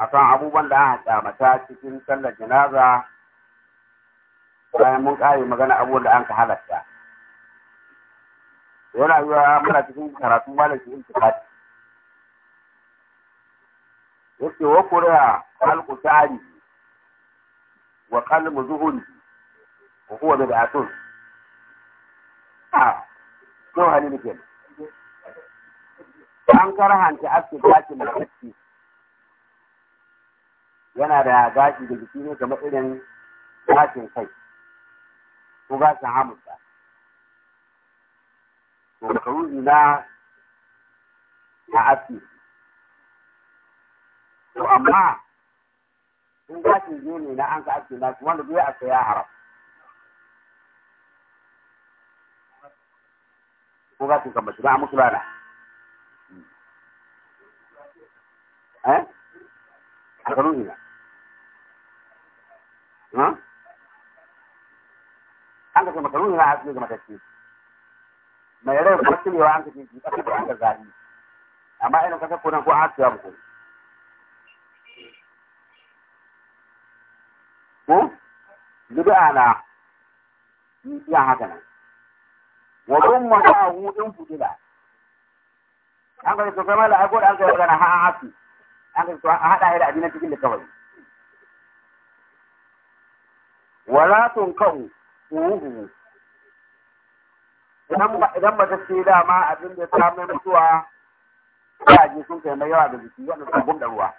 akan abubuwan da aka kyamata cikin sallar jinaza bayan mun kare magana abubuwan da an ka halatta yana yiwa muna cikin karatu malam shi intifati yake wa kuriya halku tsari wa kalmu zuhuri wa da datun a to halin kenan an karahanta aski dakin da kace yana da gashi da jiki ne kamar irin gashin kai ko gashin hamusa to makaruzi na a aski to amma in gashin zo ne na an ka ake na wanda zai a saya haram ko gashin kamar shi ba a musu lana eh a karuzi na an ka maka nuna a cikin maka ce mai rai kuma cilewa an ka ce kasar da an ka zaɓi amma ina kasar ko nan ko an ciya muku ko bid'a na ya haka nan Wajen kun mata hu din fudila an ka ce kamar da akwai an ka yi magana ha an ka ce a haɗa da abin cikin da kawai wala tunkahu uhu idan ba idan ba ta ce dama abin da ta mai mutuwa ji sun kai mai yawa da jiki wanda sun gumda ruwa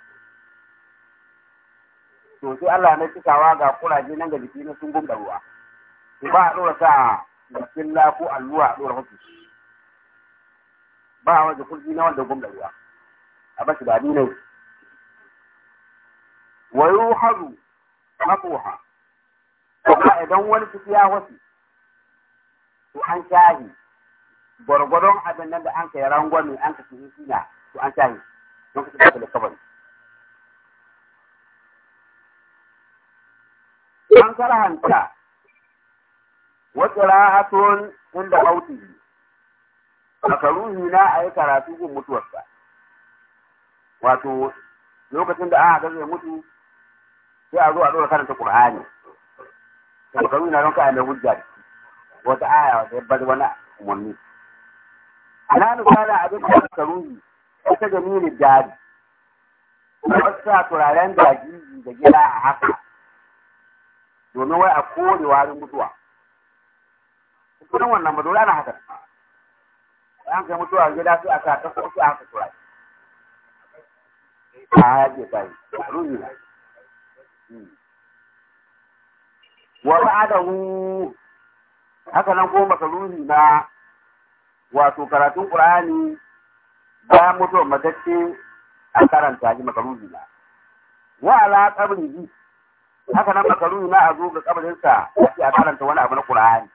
to sai Allah na cikawa ga kuraje nan ga jiki na sun gumda ruwa to ba a dora sa jikin ko alluwa a dora hukunci ba wanda wajen kurji na wanda gumda ruwa a bashi da abin ne wa yuharu mabuha amma idan wani ciki ya wasu to an shahi gwargwadon abin nan da an rangon ne an ka cikin suna to an shahi don ka tafi da kabari an karhanta wa qira'atun inda mautihi makaruhi na a yi karatu gun mutuwarsa wato lokacin da aka gaza mutu sai a zo a dora karanta qur'ani shekaru na ranka a mai hujja wata aya wata ya bar wani umarni ana nufara abin da aka ruri wata jamilin jari wasu sa turaren jajiji da gida a haka domin wai a kore warin mutuwa kudin wannan ba dole na haka an kai mutuwa gida su a sa ta ko su a haka turare a haje kai ruri na hmm. wa ba'dahu haka nan ko makaruhi na wato karatun qur'ani ba mutu matacce a karanta shi makaruhi na wa ala qabrihi haka nan makaruhi na a zo ga kabarin sa a karanta wani abu na qur'ani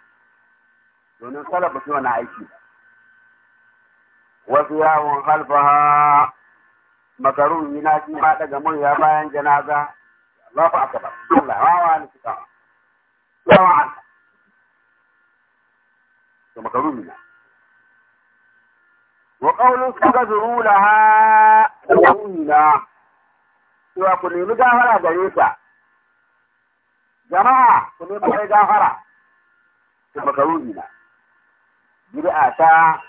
domin salafa shi wani aiki wasu yawon halfaha makarun na shi ma daga murya bayan janaza Allahu akbar Allah fagazuru laha da na. cewa ku nemi gafara gare ta jama'a ku nemi mai gafara da makarunina bid'a ta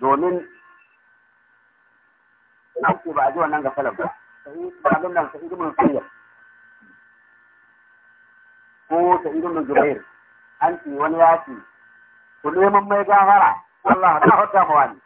domin an ce ba a ji wannan ga salaf ba ba nan sai mun sayyid ko ta mun jubair an ce wani ya ce ku neman mai gafara Allah ta hota wani.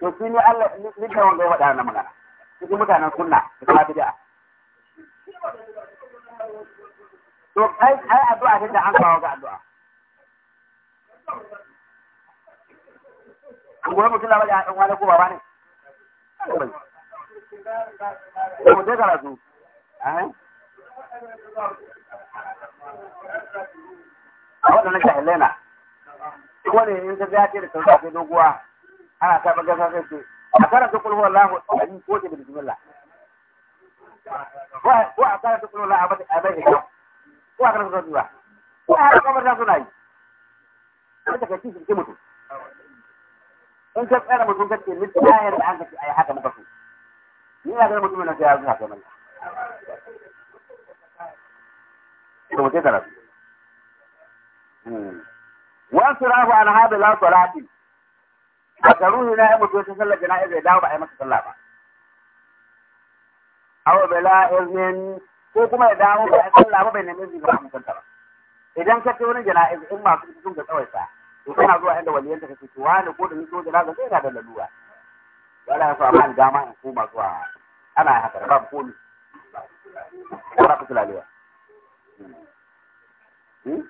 to shi ne Allah ni da wanda ya na mutanen sunna da kuma bid'a to ai ai addu'a ta da an kawo ga addu'a na eh? a waɗannan ana ta baga sai ce a karanta kulhu wallahu amin ko da bismillah ko a karanta kulhu wallahu abai abai ko a karanta kulhu ko a karanta kabar suna yi ko ta kace shi mutum in ka tsara mutum kace ni tsayar da an kace ai haka muka so ni na ga mutum na sai ya zuwa kamar to mutai karatu وانصرف عن هذا لا صلاتي a karuhi na ya mutu ta sallar jana'iza ya dawo ba a yi masa sallah ba aw bala iznin ko kuma ya dawo ba a sallah ba bai nemi izini ba a mutunta ba idan ka ce wani jana'iza in masu sun ga tsawai tsawaita to kana zuwa inda waliyan ta kace wani ko da ni zo jana'iza sai na da lalura wala ya so amma dama in koma zuwa ana haka ba ko ni ba ku tulalewa إن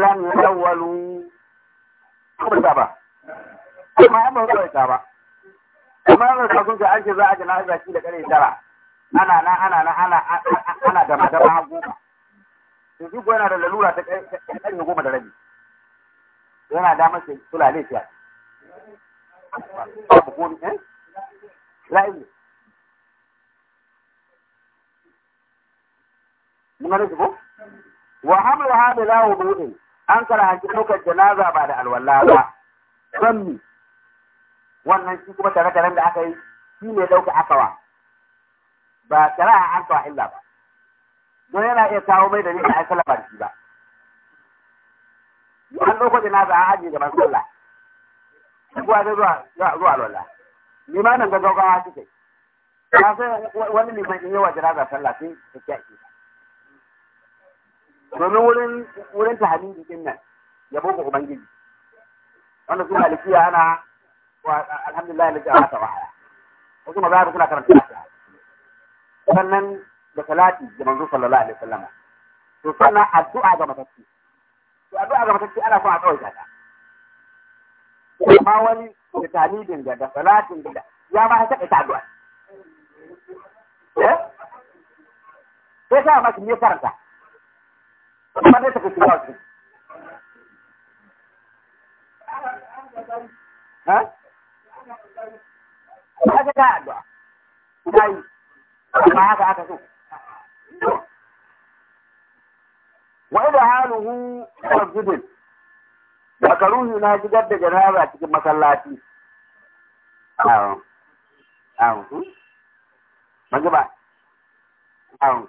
لم يتولوا kuma ba amma an ba ba amma an za a jana zaki da kare tara ana da madama goma to yana da lalura ta goma da rabi yana da masa fiya ko eh ko wa hamla hada la wudu'in an karhanci lokacin janaza ba da alwala ba don mi wannan shi kuma tare da aka yi shi ne ɗauka akawa ba tare a an kawa illa ba don yana iya kawo mai da ne a aikala ba shi ba an ɗauko janaza an ajiye gaban sallah kuwa zai zuwa zuwa alwala limanin gaggawa suke ya sai wani liman yi wa janaza sallah sai ya kyaki domin wurin wurin tahalili din nan yabo ga ubangiji wanda su malikiya ana alhamdulillah da jawa ta wahala wasu maza da suna karanta sannan da salati da manzo sallallahu alaihi wasallam to sannan addu'a ga matacci to addu'a ga matacci ana so a kawai ta amma wani da talibin da da salatin da ya ba ta ta addu'a eh sai ka ma shi ne karanta amma da yi haka so haluhu masjidin da karuhi na shigar da janaba cikin masallaci awo ban ba wannan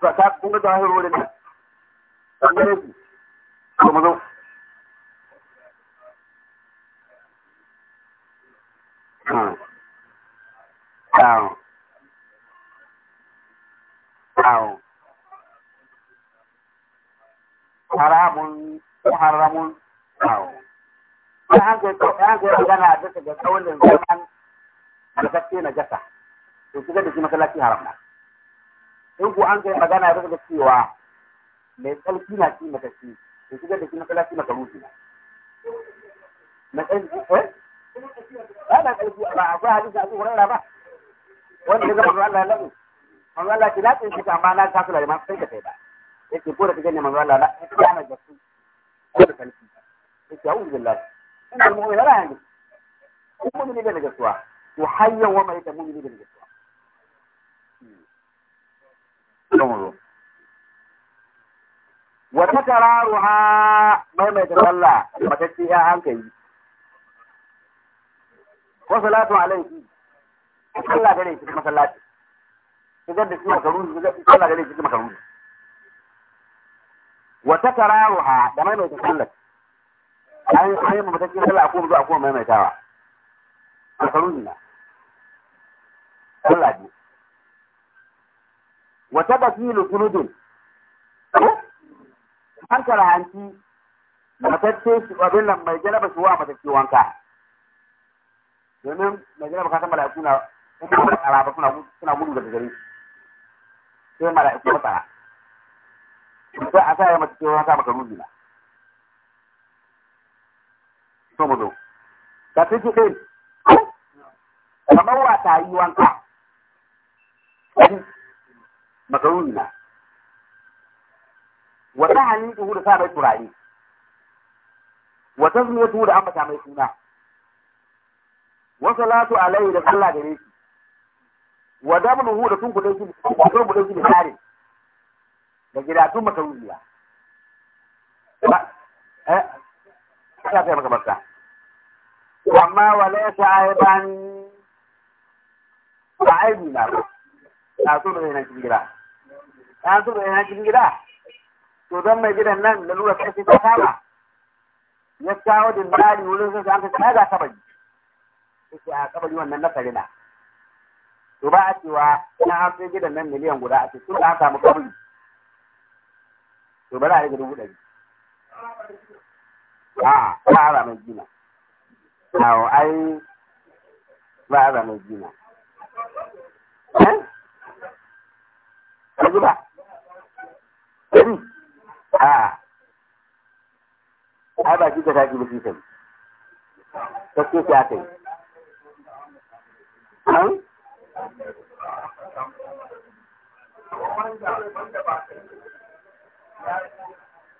ka ta kun ga zahir wurin nan bangare ku to mu zo hmm. Ow. Ow. Haramun, haramun, ow. Ta hankali magana bisa ga tsaunin zaman da gaske na jasa, to shiga da shi masallaci haram na. in ku an kai magana daga da cewa mai tsarki na shi maka shi to shigar da shi masallaci maka ruhi na na tsarki eh ba na tsarki ba akwai hadisi a cikin ba wanda ya zama Allah ya lamu manzo Allah ki latsin shi amma na kasu da ma sai ka sai ba yake ko da kike ne manzo Allah na ya na da su ko da kalfi yake a'udhu billahi inna al-mu'mina la yanzu mu'mini ne da gaskiya to hayyan wa mai da mu'mini da gaskiya zo wata tararuha maimaita sallah matacci ya hankali ko salatu alaihi sallah gare shi salati. Idan da shi makaruni sallah gare shi makaruni wata tararuha da maimaita sallah an an yi salla a kuma zuwa kuma maimaitawa makaruni na sallah biyu wata basilu sunudin an karahanci matacce shi abin nan mai jalaba shi wa matacce wanka domin mai jalaba kasan mala'iku na kuma da tsara ba suna gudu da gari sai mala'iku ba tsara sai a sa ya matacce wanka maka rubi na so mu zo ka fi ɗin kamar wa ta yi wanka makaruni na wata hannun tuhu da sa mai turare wata zuwa tuhu da ambata mai suna wasu latu alayhi da kalla gare shi wa dabnuhu da tunkuɗe shi da tunkuɗe shi da tare da gidatun makaruni Ba! eh ya sai maka barka amma walaysa aiban ba aibi na ba ta so ba zai na cikin gida ta so ba zai na cikin gida to don mai gidan nan lalura lura ce ta kama ya kawo dindari wurin sun an ta ga kabari yake a kabari wannan na farina to ba a cewa na an sai gidan nan miliyan guda a cikin tun da an samu kabari to bari a rage dubu ɗari a ba a mai gina ai ba a mai gina zuba dari a ai ba shi ka tashi ba shi kai aka yi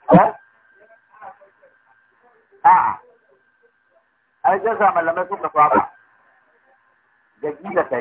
an A'a, ai jasa malamai suka saba da gila ta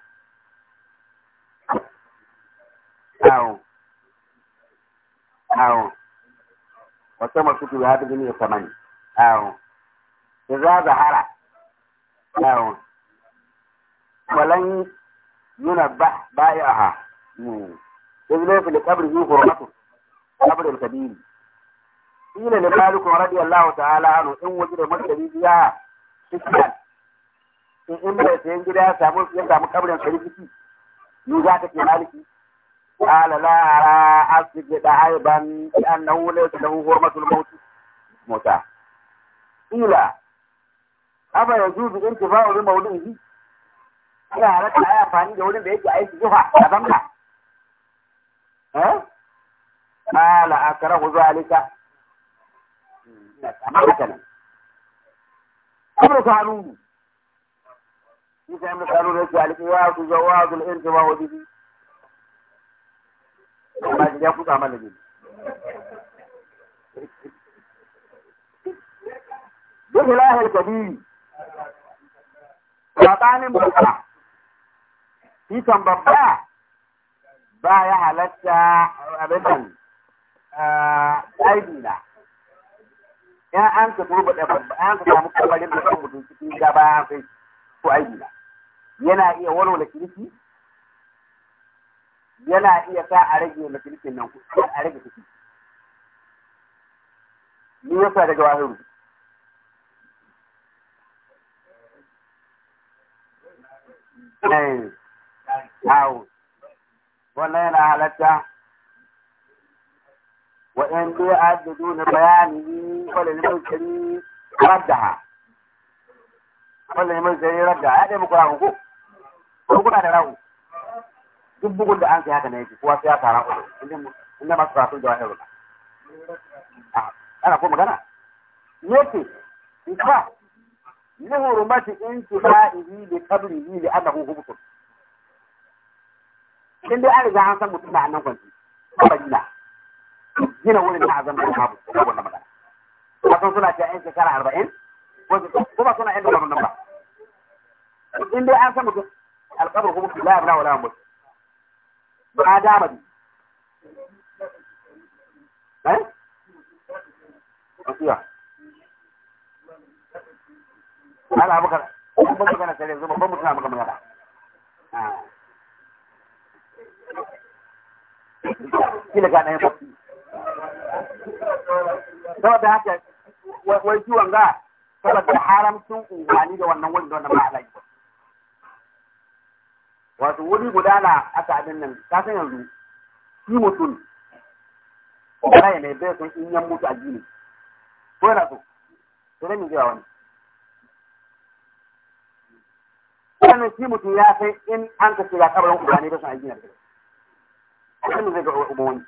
awo awo wata masu tuba ya bi ne kamani za zahara awo walan yuna ba bai'aha izlo fil qabri hu hurmatu qabr al kabir ila li malik radiyallahu ta'ala anhu in wajida masjidi biya shukran in in bai sayan gida ya samu ya samu kabrin sarki ni ke maliki قال لا أرى أسجد عيبا لأنه ليس له حرمة الموت موتا إلى أفا يجوز انتفاع لمولده أنا عرفت الآية فاني جولين بيجي عايز يجوها أبنها ها قال أكره ذلك ما حكنا أمر قالوا إذا أمر قانون يجي يا جواز الانتفاع به amma ya kusa mana ne duk lahir kabiri tsakanin babba, titan babba ba ya halatta abin nan aibina ya an ka turba da babba an ka samu kabarin da kan mutum cikin gaba ya kai ko aibina yana iya walwala kirki yana iya sa a rage majalisar nan kuɗi a rage kuɗi ni ya sa daga wahiru eh, Awo, wannan yana halatta وإن جاءت بدون بيانه فللمشتري ردها فللمشتري ردها هذا مقرأ وقوف وقوف هذا رأوه duk bugun da an kai haka ne yake kowa sai ya tara kudu inda inda masu karatun jawahir ruka ah, ana ko magana yake ita ni hurumati in tiba'ihi bi qabrihi li annahu hubutun in dai an riga an san mutum na annan kwanci ba na gina wurin na azan da babu ko wannan magana wato suna ce ayin shekara arba'in ko ba suna yin da wannan ba in dai an san mutum alƙabar hubutun la yabla wala mutum ba da ba eh asiya ana maka ban magana sai yanzu babban mutum maka magana ah. kila ga ɗaya fafi saboda haka wai ciwon ga saboda haramcin umarni da wannan wani da wannan ma'alaji wato wuri guda na aka abin nan ka san yanzu shi mutum rai mai bai sun in yan mutu a jini ko yana so to ne jiwa wani wannan shi mutum ya san in an ka shiga kabarin uba ne bai san a jini kuma kan zai ga uba wani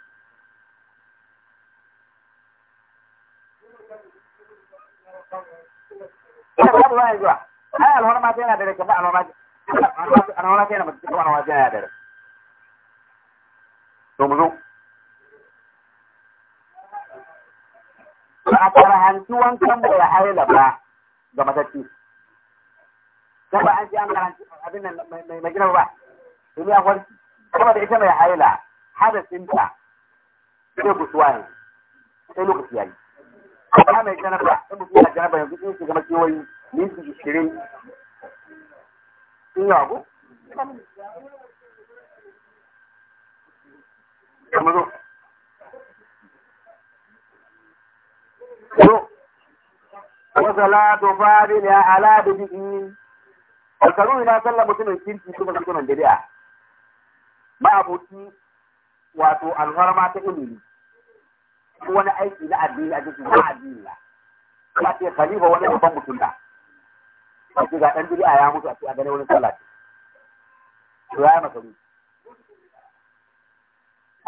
ina babu wani zuwa ai alhorma yana da rake ba alhorma ana wani kai na mace kuma na wajen ya dare to mu zo a karanci wankan da ya ba ga matacci ko an ji an karanci abin nan mai magina ba in ya warki kuma da ita mai haila hadasinta sai gusuwa ne sai lokaci yayi ba mai janaba sai mutum ya janaba yanzu shiga makewayi minti ina ku kama zo wasala to fari ne ala da bi'i alkaru ina sallah mutumin kirki kuma mutumin bid'a ba aboki wato alharma ta ilimi wani aiki na addini a jikin ba addini ba ba ce khalifa wani babban mutum ba a ga ɗan bid'a ya mutu a ce a gane wani sallah to ya yi ni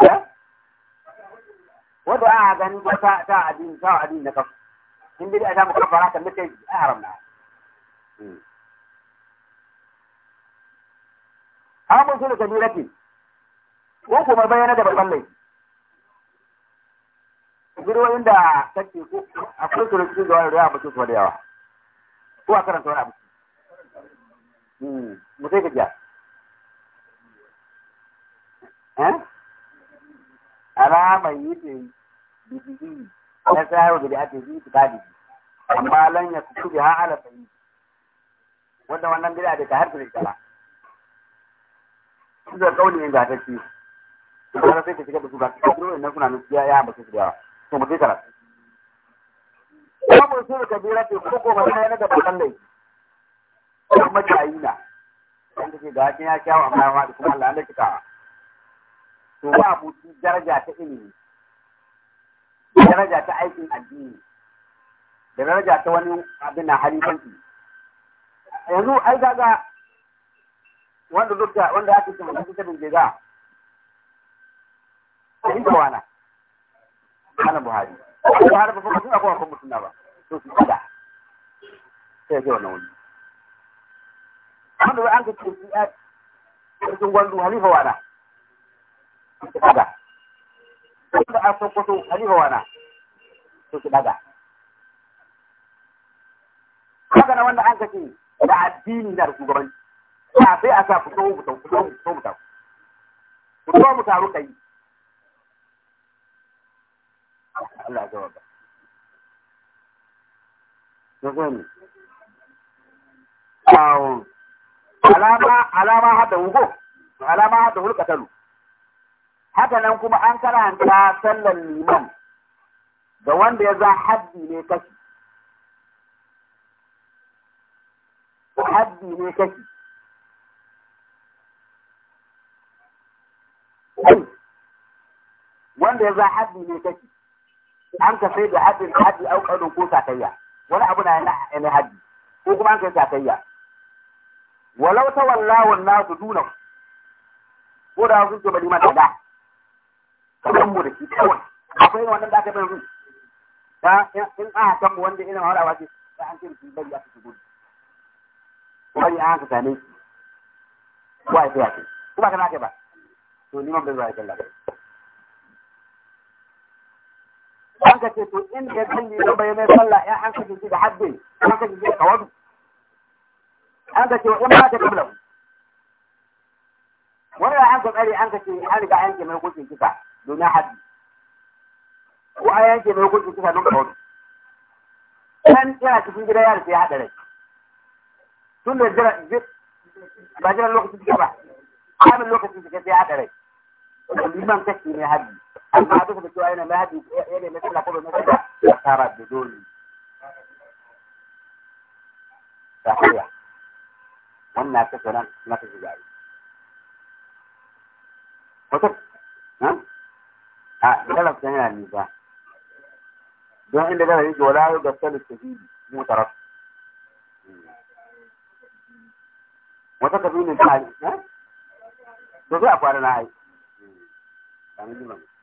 eh? wanda a gani ba ta ta addini ta addini na kafa in bid'a ta mukaffara kan nake a haramna hmm. amun sulu kabirati ko kuma bayyana da babban laifi girwoyin da kake ko akwai sulu cikin da wani da ya mutu da yawa ko a karanta wani abu hmm, Mutai gajiya. ka ja eh? alamar yi ta yi bibiri na tsayar da ake yi su kadi amma lan ya kuku bi har ala fayi wanda wannan gida da ta harfi da kala su da kauni yin ga ta ci kuma sai ka shiga da su ga kauli ne suna nan ya ya ba su da yawa Su mutai karatu samun su da kabira ce ko ko magana na da bakan lai ko majayi na dan da ke ga kin ya kyawu amma ma da kuma Allah Allah kika to ba abuci daraja ta ilimi daraja ta aikin addini da daraja ta wani abin na halifanci yanzu ai gaga wanda zuka wanda ake cewa da kuka bin jega a yi kawana ana buhari buhari ba fa mutum ko akwai mutum na ba so su tsada sai ga wannan wuri wanda an ka ce su ya ƙarfin gwandu halifa wana su tsada wanda an san kwato halifa wana su tsada haka na wanda an ka ce da addini na da shugabanci ba sai a sa fito mu fito fito mu fito mu taru fito mu taru kai Allah ya gaba gani alama alama hada wugo alama hada hulqatalu haka nan kuma an karanta sallar liman da wanda ya za haddi ne kashi haddi ne kashi wanda ya za haddi ne kashi an ka sai da haddin haddi auƙarin ko sakayya wani abu na yana yana haji ko kuma an kai sakayya walau ta wallawan nasu duna ko da sun ce bari mata da kamar mu da shi kawai akwai wannan da aka bai mu ta in aka kan mu wanda ina hawarawa ce da an ce shi bari ya ci gudu bari an aka same shi ko ai sai ce kuma kana ke ba to liman bai zuwa ya kalla aka to in ya kalli bai mai sallah ya an kace shi da haddin an kace shi an kace in kabla wani an ka tsare an kace an riga an ke mai hukuncin kisa domin haddi ko a yanke mai kisa don kawadu kan yana cikin gida ya rufe ya haɗa rai tun da jira ba jiran lokacin da ba amin lokacin da ya haɗa rai liman kashi ne haddi amma duk da cewa yana lahadi yana na sallah ko bai na sallah ya fara da dole sahiya wannan ta sanan na ta jigari wata ha a dalar ta yana ba don inda dalar yake wala yau ga sallah ta jibi mu taraf wata kabinin ta ha to sai a kwana na ai Thank you.